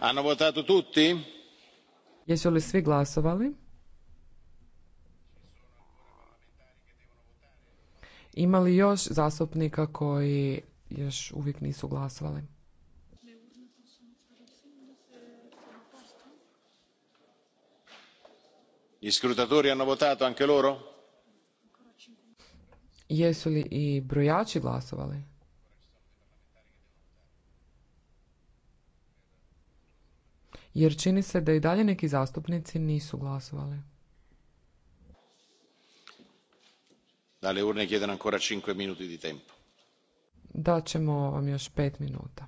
Hanno votato tutti? Jesu li svi glasovali? Ima li još zastupnika koji još uvijek nisu glasovali? Gli scrutatori hanno votato anche loro? Jesu li i brojači glasovali? jer čini se da i dalje neki zastupnici nisu glasovali. Dalle urne chiedono ancora 5 minuti di tempo. Daćemo vam još 5 minuta.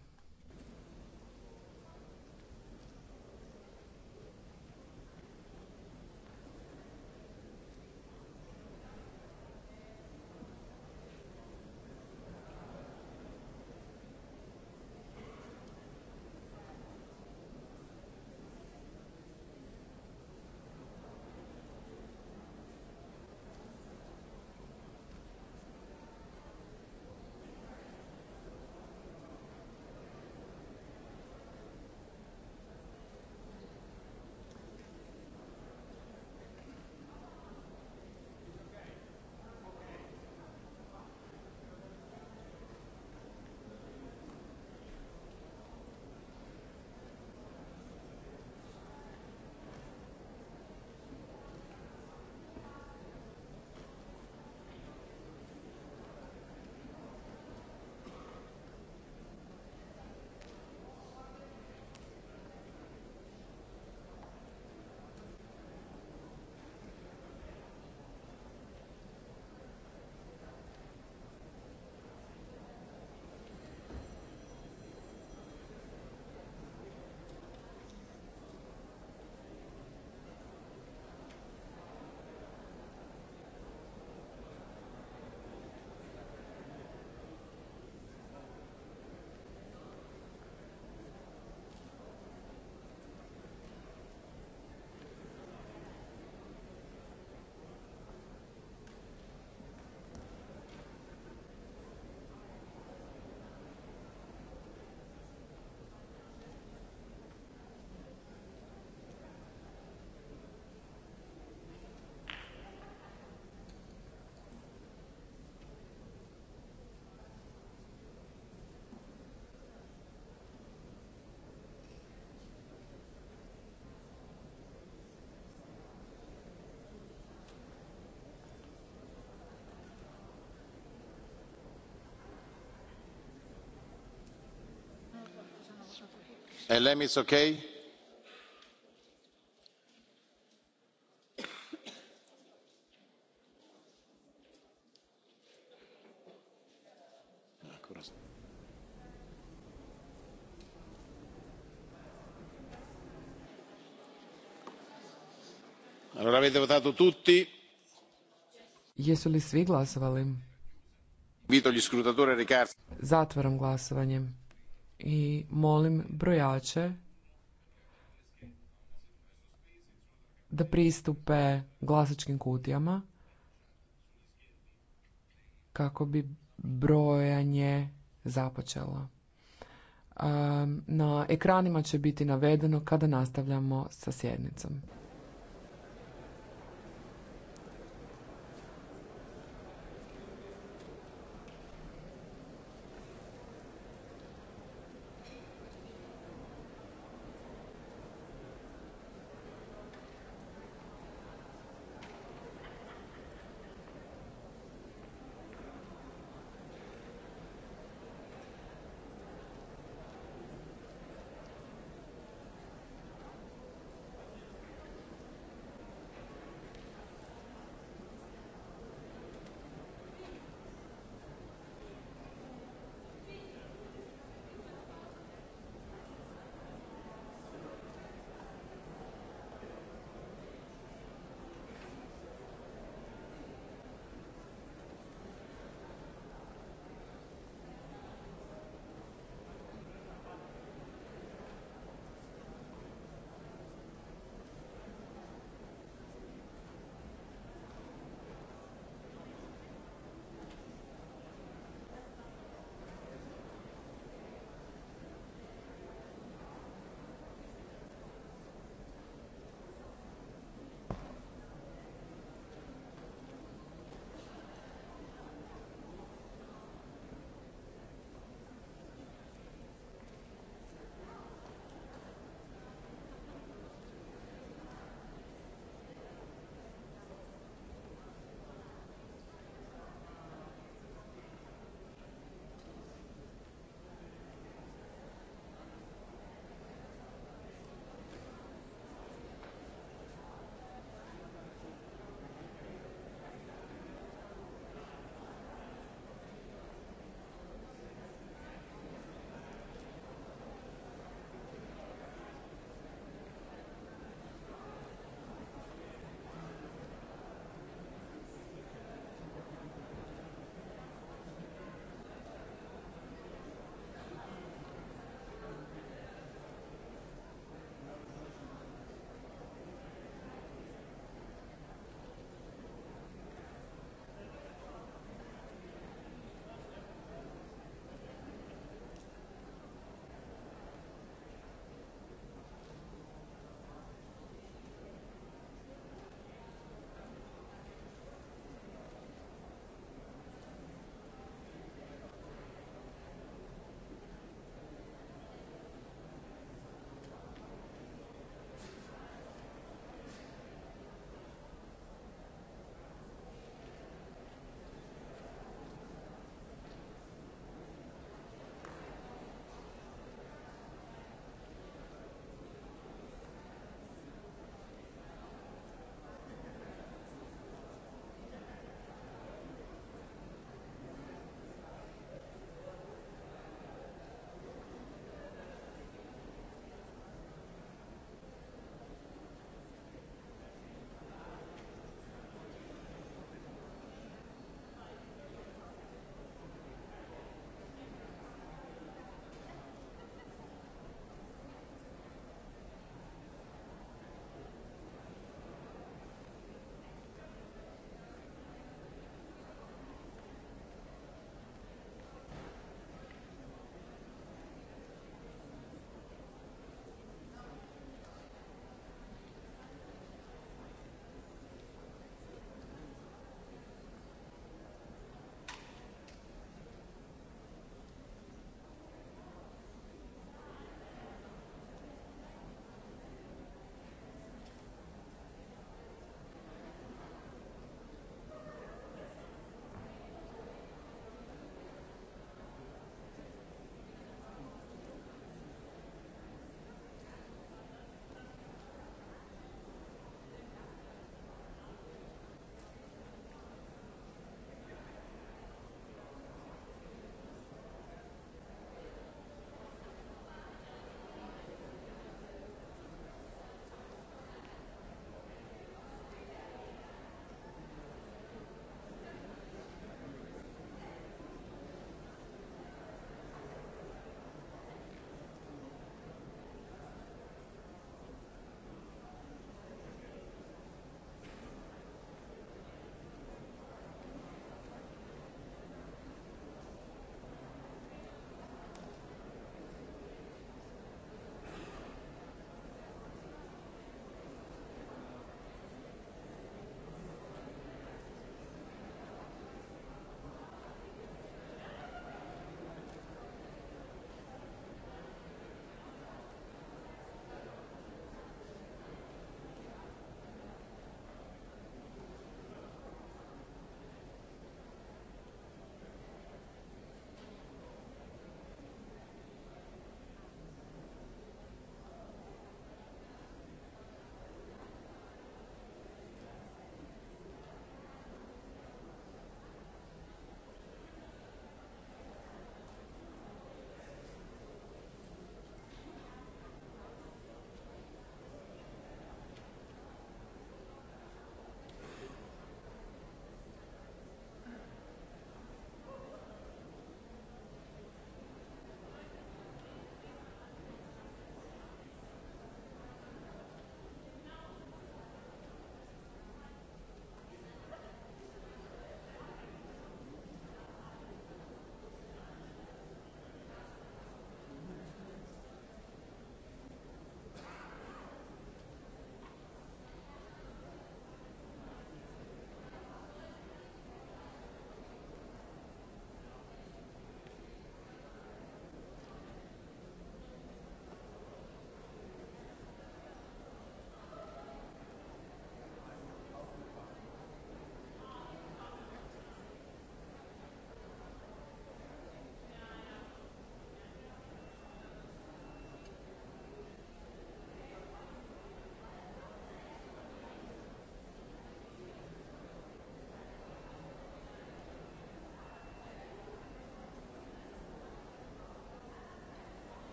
elem is okay? Allora avete votato tutti? Jesu li svi glasovali? Invito gli scrutatori a recarsi. Zatvaram glasovanje i molim brojače da pristupe glasačkim kutijama kako bi brojanje započelo. Ehm, na ekranima će biti navedeno kada nastavljamo sa sjednicom.